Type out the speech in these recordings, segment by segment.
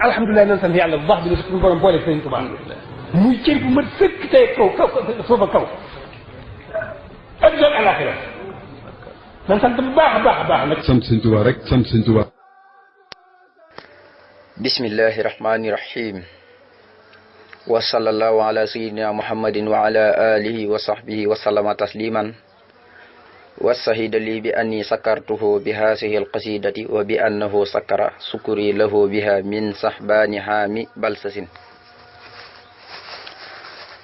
alhamdulilah nan sant yàlla bu baax bi ne suñu borom boole sëriñ Tuubaa muy cër bu mat sëkk tey kaw kaw suufa kaw adduna ak alaxira nan sant bu baax a baax a baax nag sant sëriñ Tuubaa rek sant sëriñ Tuubaa bismillahi rahmani rahim wa sallallahu ala sayyidina muhammadin wa ala alihi wa sahbihi wa sallama tasliman wasahida lii bi anni sakartuhu bi haasihi alqasidati wa bi annahu sakara sukuri lahu biha min sahbaani haami balsasin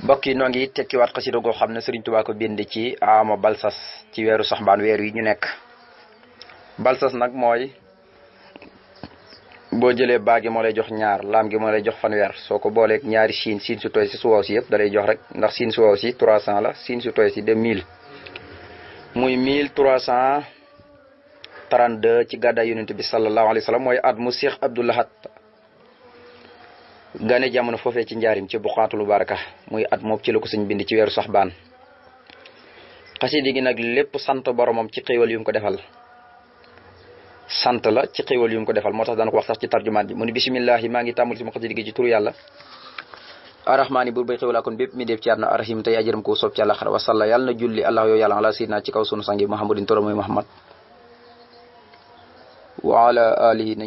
mbokk yi noo ngi tekkiwaat xasida goo xam ne Sëriñ Tuubaa ko bind ci ama balsas ci weeru saxbaan weer yi ñu nekk balsas nag mooy boo jëlee baa gi moo lay jox ñaar laam gi moo lay jox fanweer soo ko booleeg ñaari siin siin su tooy si su wow si yëpp dalay jox rek ndax siin su wow si 300 la siin su tooy si de muy mille trois cent trente deux ci gàddaay yonent bi sallallahu alayhi wa sallam mooy at mu Cheikh Abdoul Ahad gane jamono foofee ci njaarim ci lu baraka muy at moom ci la ko sëñ bind ci weeru saxbaan xasidi gi nag lépp sant boromam ci xéewal yu ko defal sant la ci xéewal yu mu ko defal moo tax daan ko wax sax ci tarjumaan bi mu ne maa ngi tàmbali sama xasidi gi ci turu yàlla arrahmaani buur bay xewlaa kon bépp mi def ci àdduna arrahim tey ajëram ko soob ci àllaxar wasalla yàlla na julli allah yoo yàlla ala sayyidina ci kaw sunu sangi muhammadin toro na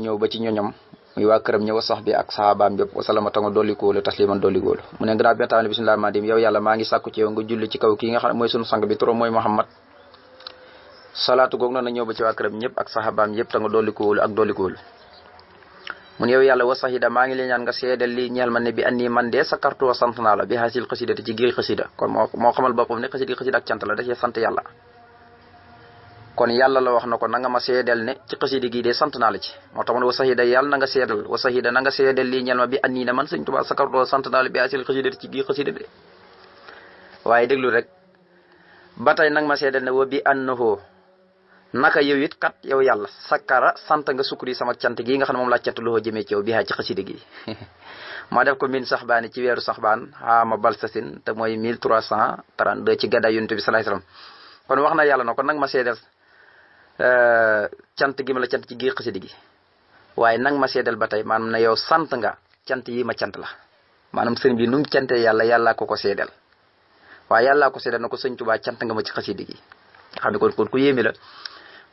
ñëw ba ci ñoñam muy waa këram ñëw bi ak sahabaam bépp wasalama ta nga dolli kóolu tasliman dolli kóolu mu ne gannaaw bi yàlla maa ngi sàkku ci yow nga julli ci kaw kii nga xam ne mooy sunu sang bi toro mooy salaatu googu noonu na ñëw ba ci waa këram ñëpp ak sahabaam yëpp ta nga dolli kóolu ak dolli kóolu mu mun yow yàlla wa sahida maa ngi lay ñaan nga seedal li ñeel ma ne bi annii man dee sakartu wa sant naa la bi hasil xasida te ci gii xasida kon yàlla la wax na ko na nga ma seedal ne ci xasida gii dee sant naa la ci moo tax mun wa sahida yàlla na nga seedal wa sahida na nga seedal lii ñeel ma bi annii ne man sëñ de waaye déglu rek ba tey nag ma seedal ne wa bi an annahu naka yow it kat yow yàlla sa sakkara sant nga sukkuri sama cant gii nga xam ne moom laa cant loxo jëmee ci yow bi ci xasida gi ma def ko min saxbaani ci weeru sax baan saxbaan ama balsasin te mooy 1332 ci gaddaay yonent bi salaay salaam kon wax na yàlla na kon nag ma seedal euh, cant gi ma la cant ci gii xasida gi waaye nag ma seedal ba tey maanaam na yow sant nga cant yi ma cant la maanaam sëriñ bi nu mu cante yàlla yàllaa ko ko seedal waaye yàllaa ko seedal na ko sëñ Tuubaa cant nga ma ci xasida gi xam ne kon kon ku yéeme la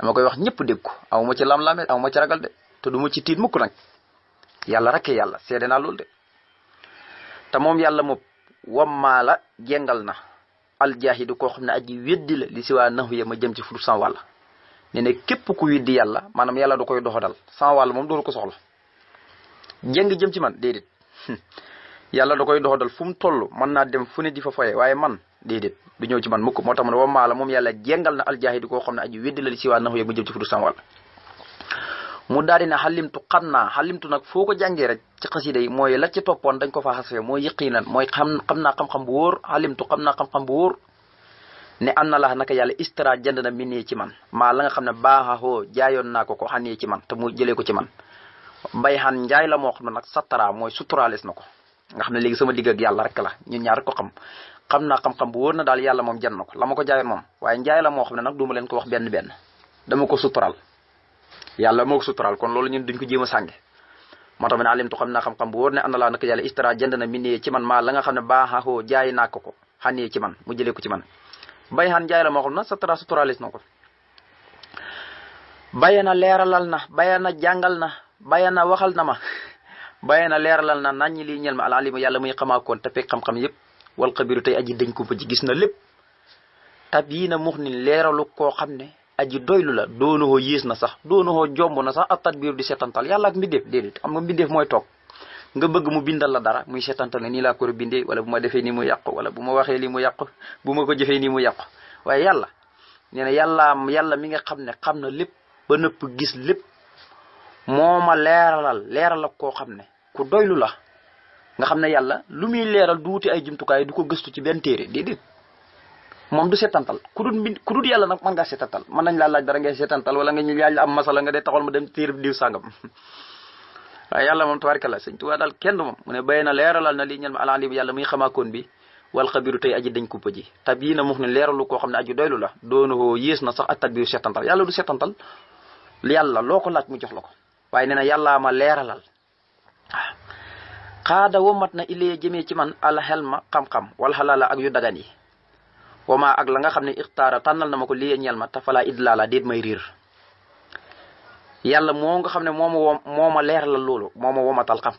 dama koy wax ñëpp dégg ko aw ma ci lam-lame aw ma ci ragal de te du ma ci tiit mukk nag yàlla rek yàlla seede naa loolu de te moom yàlla moom wammaa la jengal na aljaahidu koo xam ne aji weddi la li si waa naxu ya ma jëm ci fudub san wàll ne képp ku weddi yàlla maanaam yàlla du koy doxadal san wàll moom dootu ko soxla jéng jëm ci man déedéet yàlla da koy doxadal fu mu toll mën naa dem fu ne di fa foye waaye man déedéet du ñëw ci man mukk moo tax mu ne wa maa la moom yàlla jengal na aljaahidi koo xam ne aji weddi la li si waa naxu yeg ma jëm ci fudu sama wàll mu daal di ne xalimtu xam naa xalimtu nag foo ko jàngee rek ci xasida yi mooy la ci toppoon dañ ko fa xasfee mooy yëqiinan mooy xam xam naa xam-xam bu wóor xalimtu xam naa xam-xam bu wóor ne an na la naka yàlla istara jënd na min ci man maa la nga xam ne baaxaxoo jaayoon naa ko ko ne ci man te mu jëlee ko ci man bay xan njaay la moo xam ne nag sattara mooy suturaales na ko nga xam ne léegi sama digg ak yàlla rek la ñu ñaar ko xam xam na xam-xam bu wóor na daal yàlla moom jan na ko la ma ko jaayoon moom waaye njaay la moo xam ne nag leen ko wax benn benn dama ko sutural yàlla moo ko kon loolu ñun duñ ko jéem a sànge moo tax ma ne alimtu xam naa xam-xam bu wóor ne ana yàlla istara jënd na min ci man maa la nga xam ne baaxaxoo jaay naa ko ko xanee ci man mu jëlee ko ci man bay xan jaay la moo xam na sa tara suturalis na ko baye na leeralal na jàngal na baye na waxal na ma baye na leeralal na nañ ñi lii ñel ma al alimu yàlla muy xamaakoon te fekk xam-xam yëpp wal xabiru tey aji dañ kumpa ji gis na lépp tab yii na mux ni leeralu koo xam ne aji doylu la doonoo yées na sax doonoo jomb na sax ab tadbiir di seetantal yàlla ak mbindeef déedéet xam nga mbindeef mooy toog nga bëgg mu bindal la dara muy seetantal ne nii laa bindee wala bu ma defee nii mu yàqu wala bu ma waxee nii mu yàqu bu ma ko jëfee nii mu yàqu waaye yàlla nee na yàlla yàlla mi nga xam ne xam na lépp ba nëpp gis lépp moo a leeralal leeralal koo xam ne ku doylu la nga xam ne yàlla lu muy leeral du wuti ay jumtukaay du ko gëstu ci benn téere déedéet moom du seetantal ku dul mbind ku dul yàlla nag mën ngaa seetantal man nañ laa laaj dara ngay seetantal wala nga ñu laaj la am masala nga dee taxawal ma dem téere bi diw sàngam yàlla moom tabarkalla sëñ Tuubaa daal kenn moom mu ne béy na leeralal na li ñel ma alalim yàlla muy xamaakoon bi wal xabiru tey aji dañ kuppa ji tab yii na mux ne leeralu koo xam ne aju doylu la doonoo yées na sax ak tab biu seetantal yàlla du seetantal yàlla loo ko laaj mu jox la ko xaada mat na illee jëmee ci man alxelma xam-xam wala xalaala ak yu dagan yi wama ak la nga xam ne ixtaara tànnal na ma ko lii ñeel ma tafalaa idlaala déet may riir yàlla moo nga xam ne mooma wom mooma leer la loolu mooma womatal xam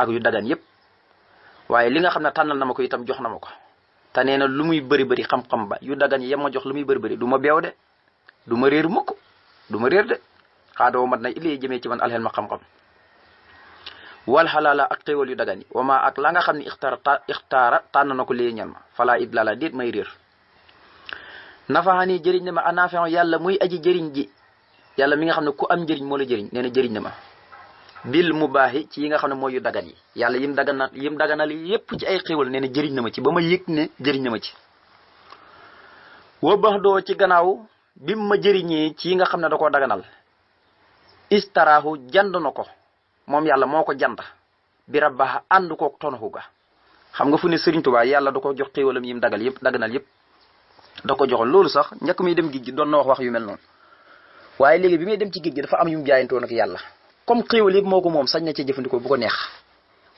ak yu dagan yépp waaye li nga xam ne tànnal na ma ko itam jox na ma ko te nee na lu muy bëri bëri xam-xam ba yu dagan yi yem ma jox lu muy bëri bëri du ma beew de du ma réer mukk du ma réer de xaada womat na illee jëmee ci man alxelma xam-xam wal xalaala ak xéwal yu dagan yi ma ak la nga xam ne ixtaara ixtaara tànn na ko lii ñal ma falaa idlala déet may réer nafaxani jëriñ ne ma anafin yàlla muy aji jëriñ ji yàlla mi nga xam ne ku am njëriñ moo la jëriñ nee na ne ma bil mu baaxi ci yi nga xam ne mooy yu dagan yi yàlla yim daganal yim daganal yépp ci ay xéwal nee na jëriñ na ma ci ba ma yëg ne jëriñ na ma ci wa bax doo ci gannaaw bi ma jëriñee ci yi nga xam ne da koo daganal istaraahu jand ko moom yàlla moo ko jant bi rabbaha ànd koog tonaxu ga xam nga fu ne Serigne Touba yàlla da ko jox xéewalam yim dagal yëpp daganal yëpp da ko joxoon loolu sax njëkk muy dem géej gi doon na wax wax yu mel noonu waaye léegi bi muy dem ci géej gi am yu mu jaayantoo nag yàlla comme xéewal yëpp moo ko moom sañ na ci jëfandikoo bu ko neex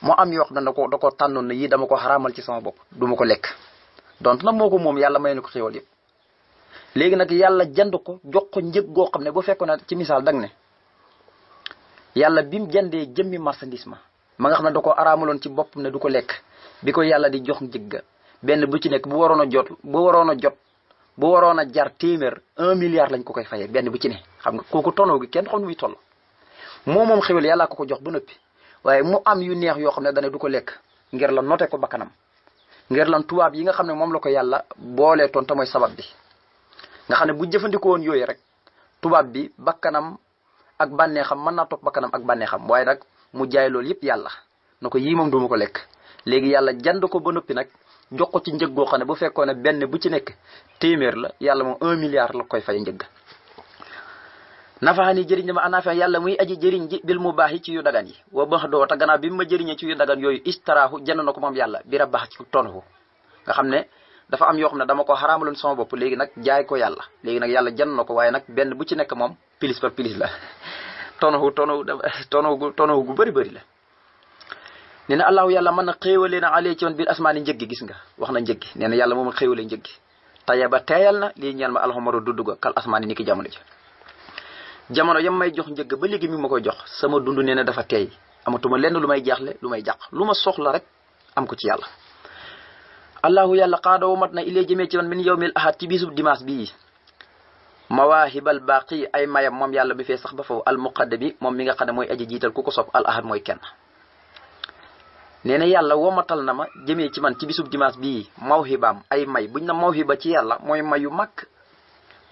moo am yoo xam ne da ko tànnoon na yii dama ko xaraamal ci sama bopp du ko lekk donc nag moo ko moom yàlla may na ko xéewal yëpp léegi nag yàlla jënd ko jox ko njëg goo xam ne boo fekkoon na ci misaal dag ne yàlla bi mu jëndee jëmmi marchandise ma ma nga xam ne da ko araamaloon ci boppam ne du ko lekk bi ko yàlla di jox njëgga benn bu ci nekk bu waroon a jot bu waroon a jot bu waroon a jar téeméer un milliard lañ ko koy fayee benn bu ci ne xam nga kooku tono gi kenn xam nu muy toll moo moom xewel yàlla ko ko jox ba noppi waaye mu am yu neex yoo xam ne dana du ko lekk ngir la note ko bakkanam ngir lan tubaab yi nga xam ne moom la ko yàlla boolee toon te sabab bi nga xam ne bu jëfandikoo yooyu rek ak bànneexam man naa topp bakkanam ak bànneexam waaye nag mu jaay loolu yëpp yàlla na ko yii moom du ko lekk léegi yàlla jand ko ba noppi nag jox ci njëg goo xam ne bu fekkoon ne benn bu ci nekk téeméer la yàlla moom un milliard la koy fay njëgg nafaxani jëriñ dama anaafe yàlla muy aji jëriñ ji bil mu baax yi ci yu dagan yi wa bax doo te bi ma jëriñee ci yu dagan yooyu istaraahu jënd na ko moom yàlla bi ra baax ci tonohu nga xam ne dafa am yoo xam dama ko xaramaloon sama bopp léegi nag jaay ko yàlla léegi nag yàlla jan na ko waaye nag benn bu ci nekk moom pilis par pilis la tonowu tonowu tonowu tonowu gu bari bari la nee na allahu yàlla mën na xéewalee na alee ci woon biir asmaani njëggi gis nga wax na njëggi nee na yàlla moom a xéewalee njëggi taya ba teeyal na lii ñeel ma alxamaru dudd ga kal asmaan asmaani ni ki jamono ji jamono yam may jox njëgg ba léegi mi ma koy jox sama dund nee na dafa teey amatuma lenn lu may jaaxle lu may jàq lu ma soxla rek am ko ci yàlla allahu yàlla xaadoo mat na illee jëmee ci man min yawmil ahad ci bisub dimanche bii mawaahibal baaqi ay mayam moom yàlla bi fee sax ba faw al muqaddami moom mi nga xam ne mooy aji jiital ku ko sopp al ahad mooy kenn nee na yàlla womatal na ma jëmee ci man ci bisub dimanche bii mawhibaam ay may buñ na mawhiba ci yàlla mooy mayu mag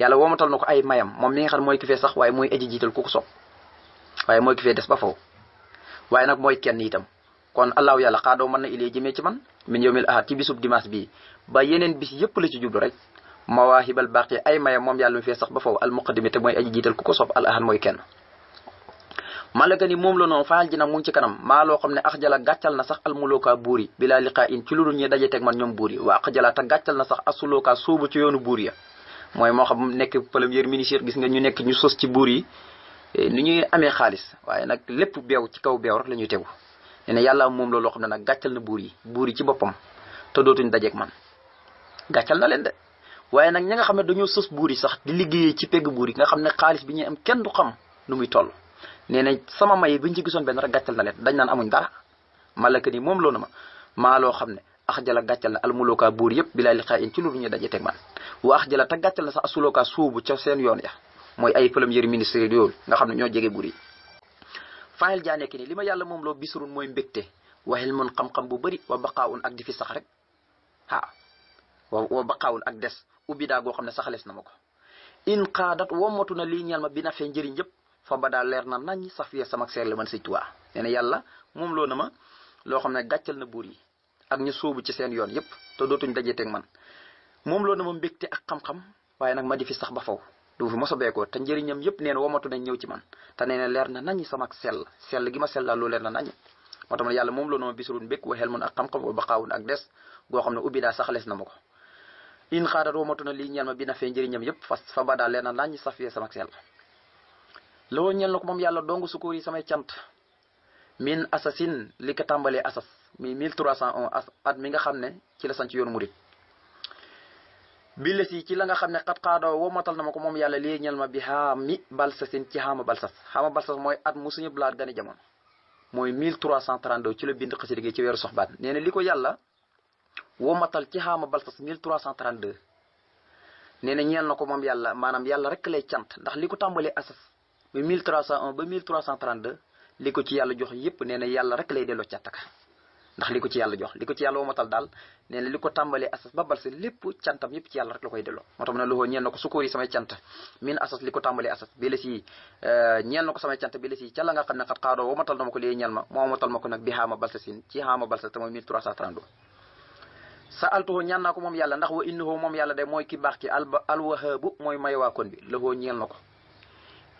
yàlla womatal na ko ay mayam moom mi nga xam mooy ki fee sax waaye mooy aji jiital ku ko sopp waaye mooy ki fee des ba faw waaye nag mooy kenn itam kon allahu yàlla xaadoo mën na ilee jëmee ci man min yowmil ahad ci bisub dimanche bii ba yeneen bis yëpp la ci jublu rek mawaahibal baqi ay maye moom yàlla mu fee sax ba foofu al muqaddimi te mooy aji jiital ku ko soob al ahad mooy kenn malaka ni moom la noonu faal ji nag mu ci kanam maa loo xam ne ax jala gàccal na sax al almulookaa buur yi bilaa liqaa in ci loolu ñuy daje teg man ñoom buur yi waa ax jala te gàccal na sax asulookaa sóobu ci yoonu buur ya mooy moo xam nekk premier ministre gis nga ñu nekk ñu sos ci buur yi eh, ni ñuy amee xaalis waaye nag lépp beew ci kaw beew rek la ñuy tegu nee yàlla moom la loo xam ne nag gàccal na buur yi buur yi ci boppam te dootuñ dajeeg man gàccal na leen de waaye nag ñi nga xam ne dañoo sës buur yi sax di liggéeyee ci pegg buur yi nga xam ne xaalis bi ñuy am kenn du xam nu muy toll nee na sama may biñ ci gisoon benn rek gàccal na leen dañ naan amuñ dara malaka ni moom loolu ma maa loo xam ne ax jala gàccal na almulookaa buur yëpp bilaa liqaa in ci lu ñuy daje teg man wa ax jala te gàccal na sax asulookaa suubu seen yoon ya mooy ay premier ministre yooyu nga xam ne ñoo jege buur yi faayal jaa nekk ni li ma yàlla moom loo bisurun mooy mbégte waxel mun xam-xam bu bari wa baqaawun ak di fi sax rek ah wa baqaawun ak des ubbi daa goo xam ne saxalees na ma ko in qaadat wommatu na lii ñeel ma bi na fee njëriñ yëpp fa ba leer na nañ safiya sama seer la man sëñ Tuubaa nee yàlla moom loo na ma loo xam ne gàccal na buur yi ak ñu sóobu ci seen yoon yëpp te dootuñ dajeteeg man moom loo na ma mbegte ak xam-xam waaye nag ma di fi sax ba faw du fi mos a beekoo te njëriñam yëpp nee womatu nañ ñëw ci man te nee na leer na nañ sama sell sell gi ma sell daal leer na nañ moo tax yàlla moom la noonu bisirun mbékk wa xel ak xam-xam wa baqaawun ak des goo xam ne ubbi daa saxalees na ma ko in xaadat womatu na lii ñeel ma bi na fee njëriñam yëpp fas fa ba daal leer na nañ safee sama sell loo ñeel na ko moom yàlla dong sukkur yi samay cant min assasine li ko tàmbalee assas mi 1301 at mi nga xam ne ci la sanc yoonu murit bi la ci la nga xam ne xat xaadoo womatal na ma ko moom yàlla lii ñel ma bi xaami balsasin ci xaama balsas xaama balsas mooy at mu suñu blaat gane jamono mooy 1332 ci la bind xasida gi ci weeru soxbaan nee na li ko yàlla matal ci xaama balsas 1332 nee na ñeel na ko moom yàlla maanaam yàlla rek lay cant ndax li ko tàmbalee asas ba 1301 ba 1332 li ko ci yàlla jox yépp nee na yàlla rek lay delloo càttaka ndax li ko ci yàlla jox li ko ci yàlla womatal daal nee na ko tàmbalee asas ba bal sa lépp cantam yëpp ci yàlla rek la koy delloo moo tax ko sukóor yi samay ko tàmbalee euh, cant bi la si ca la nga xam ne xat ko léegi ñeel ma moo womatal nag bi moom yàlla ndax wa moom yàlla de mooy ki baax ki alba alwahaabu mooy may bi loxoo ñeel na ko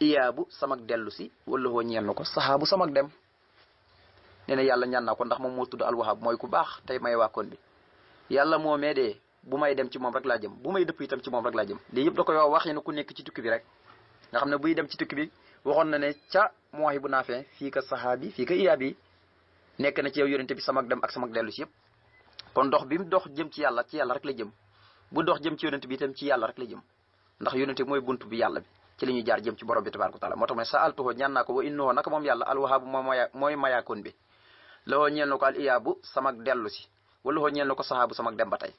iyaabu samak dellu si wala loxoo ñeel na ko saxaabu samak dem nee yàlla ñaan ko ndax moom moo tudd alwahab mooy ku baax tey may waakoon bi yàlla moo mee de bu may dem ci moom rek laa jëm bu may dëpp itam ci moom rek laa jëm lii yëpp da koy wax waxi ku nekk ci tukki bi rek nga xam ne buy dem ci tukki bi waxoon na ne ca mooxi bu naafee fii ka sahaabi fii ka iyaab yi nekk na ci yow yonente bi samak dem ak samak dellu si yëpp kon dox bi mu dox jëm ci yàlla ci yàlla rek la jëm bu dox jëm ci yonente bi itam yàlla rek la jëm ndax yonente bi mooy bunt bi yàlla bi ci li ñu jaar jëm ci borom bi tabaraka taala moo naa ko wa innoo naka moom yàlla alwahaabu moom mooy mayaakoon bi la woo ñeel na ko al iyaabu samak dellu si wala woo ñeel na ko saxaabu samak dem ba tey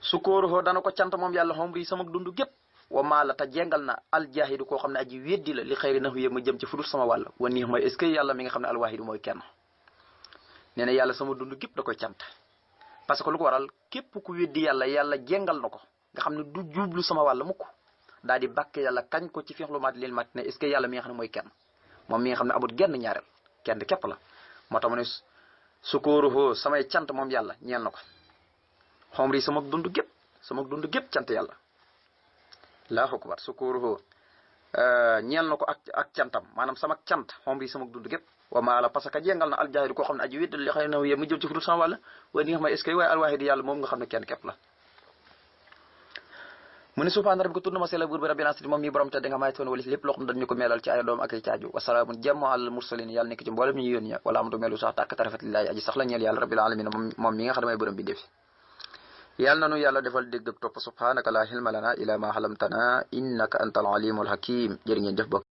su kóoruhoo dana ko cant moom yàlla xomri samak dund gépp wa maa la te jengal na aljaahidu koo xam ne aji weddi la li xëyri nax yé ma jëm ci fudul sama wàll wa nii mooy est ce que yàlla mi nga xam ne alwaahidu mooy kenn nee yàlla sama dund gépp da koy cant parce que lu ko waral képp ku weddi yàlla yàlla jengal na ko nga xam ne du jublu sama wàll mukk daal di bàkke yàlla kañ ko ci fiixlu maat lil mat ne est ce yàlla mi nga xam ne mooy kenn moom mi nga xam ne amul genn ñaareel kenn képp la moo tax mu ne sukooruhoo samay cant moom yàlla ñeel na ko xomri yi sama dund gépp sama dund gépp cant yàlla laahu akbar sukooruhoo euh, ñeel na ko ak cantam maanaam sama cant xomri yi sama dund gépp wa maa parce que jéngal na aljaahir koo xam ne aji wéddal li xëy na yow mu jël sama wàlla waaye ni nga xam ne est-ce moom nga xam ne kenn képp la mu subhaana rabbika tudd na ma sela buur bi rabbil alamin moom mi nga may toon wala lépp loo xam dañu ko meelal ci ay doom ak ay caaju wasalaamun jàmm alal mursalin yàlla nekk ci mboolem ñu yóon ña wala amatu melu sax tàkk tarafet lillaahi aji sax la ñeel yàlla rabbil alamin nga xam ne bi ndefi yàlla nanu yàlla defal dégg topp subhaanaka laa ilma lana ila ma xalamtana innaka antal alimul hakim jërë ngeen jëf